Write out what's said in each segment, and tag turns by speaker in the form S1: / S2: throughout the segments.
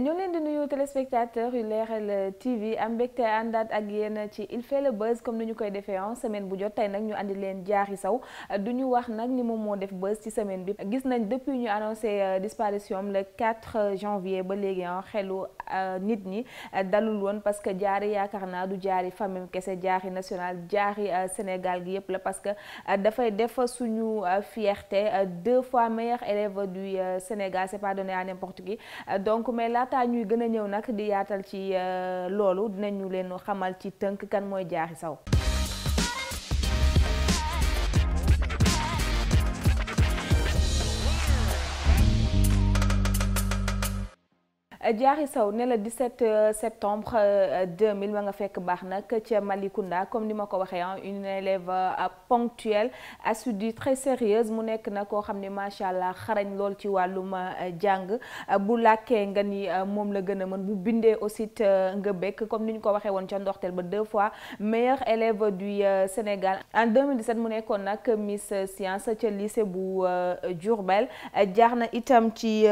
S1: ñu leen di nuyu téléspectateurs yu Leral TV am mbégte àndaat ak yéen ci il fait le buzz comme ni ñu koy defee en semaine bu jot tey nag ñu andi leen jaaxi saw du ñu wax nag ni moom moo def buzz ci semaine bi gis nañ depuis ñu annoncé euh, disparition am le 4 janvier ba léegi en xelu euh, nit ñi euh, dalul woon parce que jaari yaakaar naa du jaari famille kese jaari national jaari Sénégal gi yëpp la parce que dafay def suñu fierté deux fois meilleur élève du Sénégal c'est pas donné à n'importe qui donc mais là laata ñuy gën a ñëw nag di yaatal ci euh, loolu dinañu leen xamal ci tënk kan mooy jaaxi saw Diary saw ne la 17 euh, septembre 2000 euh, ma nga fekk baax nag ca Malicounda comme ni ma ko waxee ah une élève euh, ponctuelle assidue très sérieuse mu nekk na koo xam ne macha allah xarañ lool ci wàllum jàng bu làkkee nga ni moom la gën a mën bu bindee aussi nga bekk comme ni ñu ko waxee woon ca ndoxteel ba deux fois meilleur élève du Sénégal en 2017 mu nekkoon nag Miss Science ca lycée bu Diourbel jaax na itam ci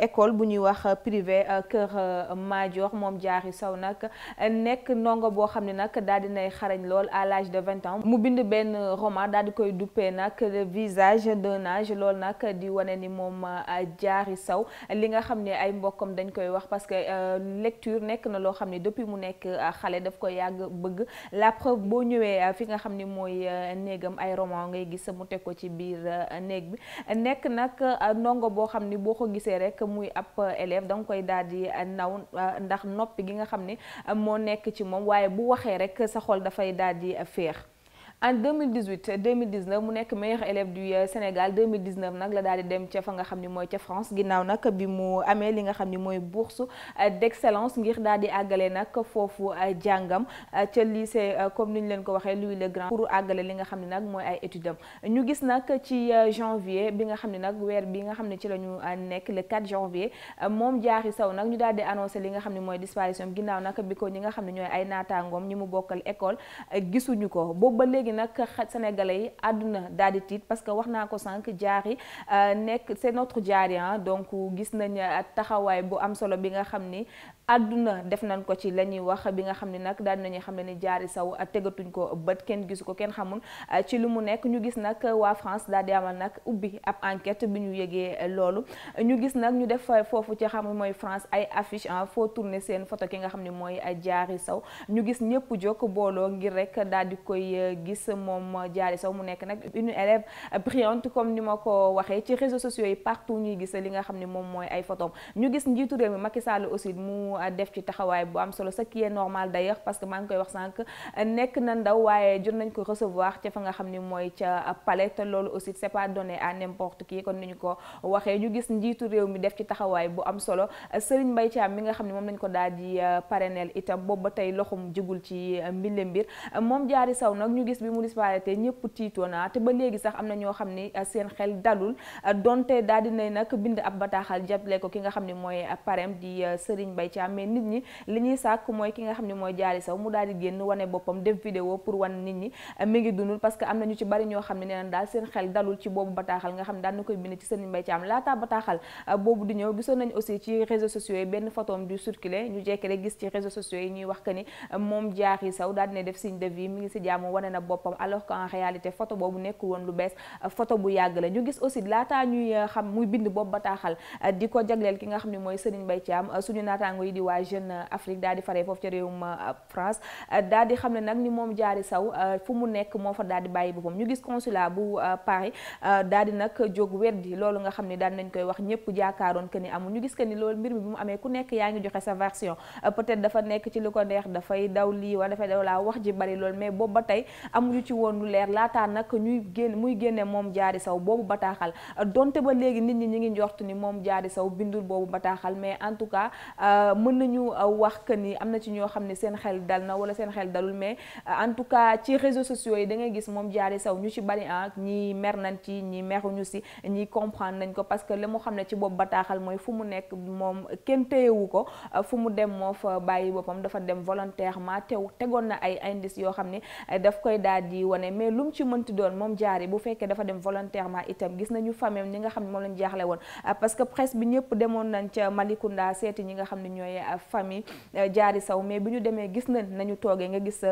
S1: école bu ñuy wax privé. Kër euh, Madior moom Diary saw nag nekk ndongo boo xam ne nag daal dinay xarañ lool à lage de vingt ans mu bind benn roman daal di koy duppee nag le visage d'un âge loolu nag di wane ni moom euh, Diary saw li nga xam ne ay mbokkam dañ koy wax parce que euh, lecture nekk na loo xam ne depuis mu nekk xale daf ko yàgg bëgg la preuve boo ñëwee fi nga xam ni mooy néegam ay roman ngay gis mu teg ko ci biir néeg bi nekk nag ndongo boo xam ni boo ko gisee rek muy ab élève danga di eh, naw eh, ndax noppi gi nga xam ni eh, moo nekk ci moom waaye bu waxee rek sa xol dafay daal di féex en 2018 2019 mu nekk meilleur élève du euh, Sénégal 2019 nag la daal di dem ca fa nga xam ni mooy ca France ginnaaw nag bi mu amee li nga xam ni mooy bourse euh, d'excellence ngir daal di àggale nag foofu euh, jàngam ca lycée comme ni ñu leen ko waxee Louis le Grand pour àggale li nga xam ne nag mooy ay études am ñu gis nag ci janvier bi nga xam ne nag weer bi nga xam ne ci la ñu nekk le 4 janvier moom Diary Sow nag ñu daal di annoncé li nga xam ne mooy disparition ginnaaw nag bi ko ñi nga xam ne ñooy ay naataangoom ñi mu bokkal école gisuñu ko boobu ba léegi gi nag sénégalais yi àdduna daldi tiit parce que wax naa ko sànq jaari euh, nekk c'est notre jaari donc gis nañ euh, taxawaay bu am solo bi nga xam ni àdduna def nañ ko ci la ñuy wax bi nga xam ne nag daal nañuy xam ne ni jaari saw euh, tegatuñ ko bët kenn gisu ko kenn xamul ci lu mu nekk ñu gis nag waa France daal di amal nag ubbi ab enquête bi ñu yëgee loolu ñu gis nag ñu def foofu ci xam mooy France ay affiche foo tourner seen photo ki nga xam ne mooy jaari saw ñu gis ñëpp jokk booloo ngir rek daal di koy gis gis moom Dialy Sow mu nekk nag une élève brillante comme ni ma ko waxee ci réseaux sociaux yi partout ñuy gis li nga xam ne moom mooy ay photos ñu gis njiitu réew mi Macky Sall aussi mu def am solo ce qui est normal d'ailleurs que maa ngi koy wax sànq nekk na ndaw waaye jot nañ ko recevoir ca fa nga xam ni mooy ca palais te loolu aussi c'est pas donné à n'importe ki kon ni ñu ko waxee ñu gis njiitu réew mi def ci taxawaay bu am solo Serigne Mbaye Thiam mi nga xam ne moom lañ ko daal di euh, parrainel itam boobu ba tey loxum jigul ci euh, mbile mbir moom Dialy Sow nag ñu bi municipalité ñëpp tiitoona te ba léegi sax am na ñoo xam ni euh, seen xel dalul euh, donte daal dinay nag bind ab bataaxal jàppale ko ki nga xam ne mooy euh, parem di Serigne Mbaye Thiam ki nga xam ne mooy jaari saw mu daal di génn wane boppam def vidéo pour wan nit ñi mi ngi dundul parce que laata bataaxal boobu di ñëw gisoon nañ aussi ci réseaux sociaux yi benn photom moom jaari saw daal dina def signe de vie mi ngi si jàmm wane na bopp boppam la ñu gis aussi laataa ñuy euh, xam muy bind boobu bataaxal euh, di ko jagleel ki nga xam ne mooy Serigne Mbaye mu nekk moo fa daal di bàyyi boppam ñu gis consulat bu euh, Paris daal di nag jóg weddi loolu nga xam ne daan nañ koy wax ñëpp jaakaaroon que ni amul ñu gis que ni loolu mbir mi bi mu amee ku nekk yaa ngi joxe sa version peut dafa nekk ci lu ko neex dafay daw lii wala dafay daw laa wax ji bari loolu mais boobu ba tey amuñu ci woon lu leer laataa nag ñuy génn muy génne moom jaari saw boobu bataaxal donte ba léegi nit ñi ñi ngi njort ni moom jaari saw bindul boobu bataaxal mais en tout cas euh, mën nañu euh, wax que ni am na ci ñoo xam ne seen xel dal na wala seen xel dalul mais euh, en tout cas ci réseaux sociaux yi da ngay gis moom jaari saw ñu ci bari ah ñi nañ ci ñi meruñu si ñi comprendre nañ ko parce que li mu xam ne ci boobu bataaxal mooy fu mu nekk moom kenn téyewu ko fu mu dem moo fa bàyyi boppam dafa dem volontairement tew tegoon na ay indice yoo xam ne daf koy daal di wane mais lu mu ci mënti doon moom jaari bu fekkee dafa dem volontairement itam gis nañu famem xam ne moom lañ jaaxle jaari ah, saw ah, ah, mais bu ñu demee gis nañ nañu toogee nga gis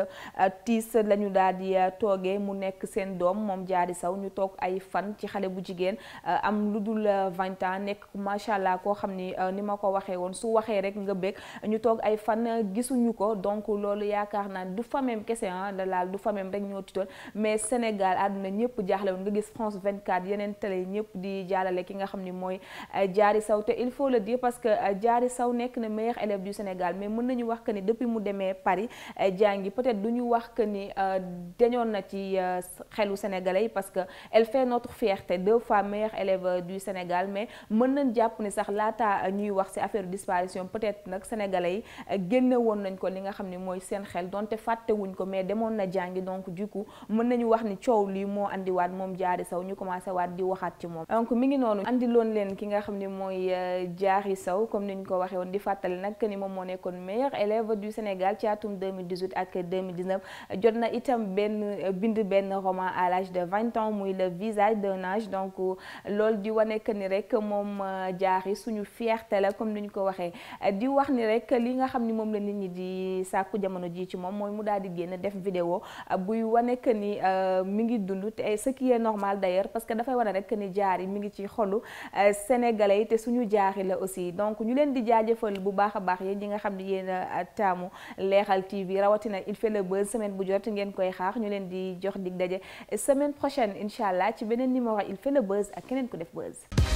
S1: tiis la ñu daal di toogee mu nekk seen doom moom jaari saw ñu toog ay fan ci xale bu jigéen am lu dul vingt ans nekk macha allah koo xam ni ni ma ko waxee woon su waxee rek nga bëgg ñu toog ay fan gisuñu ko donc loolu yaakaar naa du famem kese ah du famem rek ñoo tiitoon mais Sénégal àdduna ñëpp jaaxle woon nga gis France 24 yeneen télé ñëpp di jaalale ki nga xam ni mooy euh, Diary Sow te il faut le dire parce que euh, Diary Sow nekk na meilleur élève du Sénégal mais mën nañu wax que ni depuis mu demee Paris euh, jàngi peut-être du ñu wax que ni dañoon na ci xelu sénégalais yi parce que elle fait notre fierté deux fois mais élève du Sénégal mais mën nañ jàpp ni sax laata ñuy wax ci affaire disparition peut-être nag sénégalais yi génne woon nañ ko li nga xam ni mooy seen xel donte fàttewuñ ko mais demoon na jàngi donc du coup mën nañu wax ni coow lii moo andiwaat moom jaari saw ñu commencé waat di waxaat ci moom donc mi ngi noonu andi leen ki nga xam ne mooy euh, Diary Sow comme ni ñu ko waxee woon di fàttali nag que ni moom moo nekkoon meilleur élève du Sénégal ci atum 2018 ak 2019 jot na itam benn euh, bind benn roman à l'âge de vingt ans muy le visage de nage donc euh, loolu di wane que ni rek moom Diary suñu fierté la comme ni ñu ko waxee di wax ni rek li nga xam ni moom la nit ñi di sàkku jamono ji ci moom mooy mu daal di génn def vidéo buy wane que ni euh, mi ngi dund te ay qui est normal d'ailleurs parce que dafay wane rek ni jaar yi mi ngi ci xolu euh, sénégalais yi te suñu jaaxi la aussi donc ñu leen di jaajëfal bu baax a baax yéen ñi nga xam ne yéen a taamu leexal TV rawatina il fait le buzz semaine bu jot ngeen koy xaax ñu leen di jox dig daje semaine prochaine incha allah ci beneen numéro il fait le buzz ak keneen ku def buzz.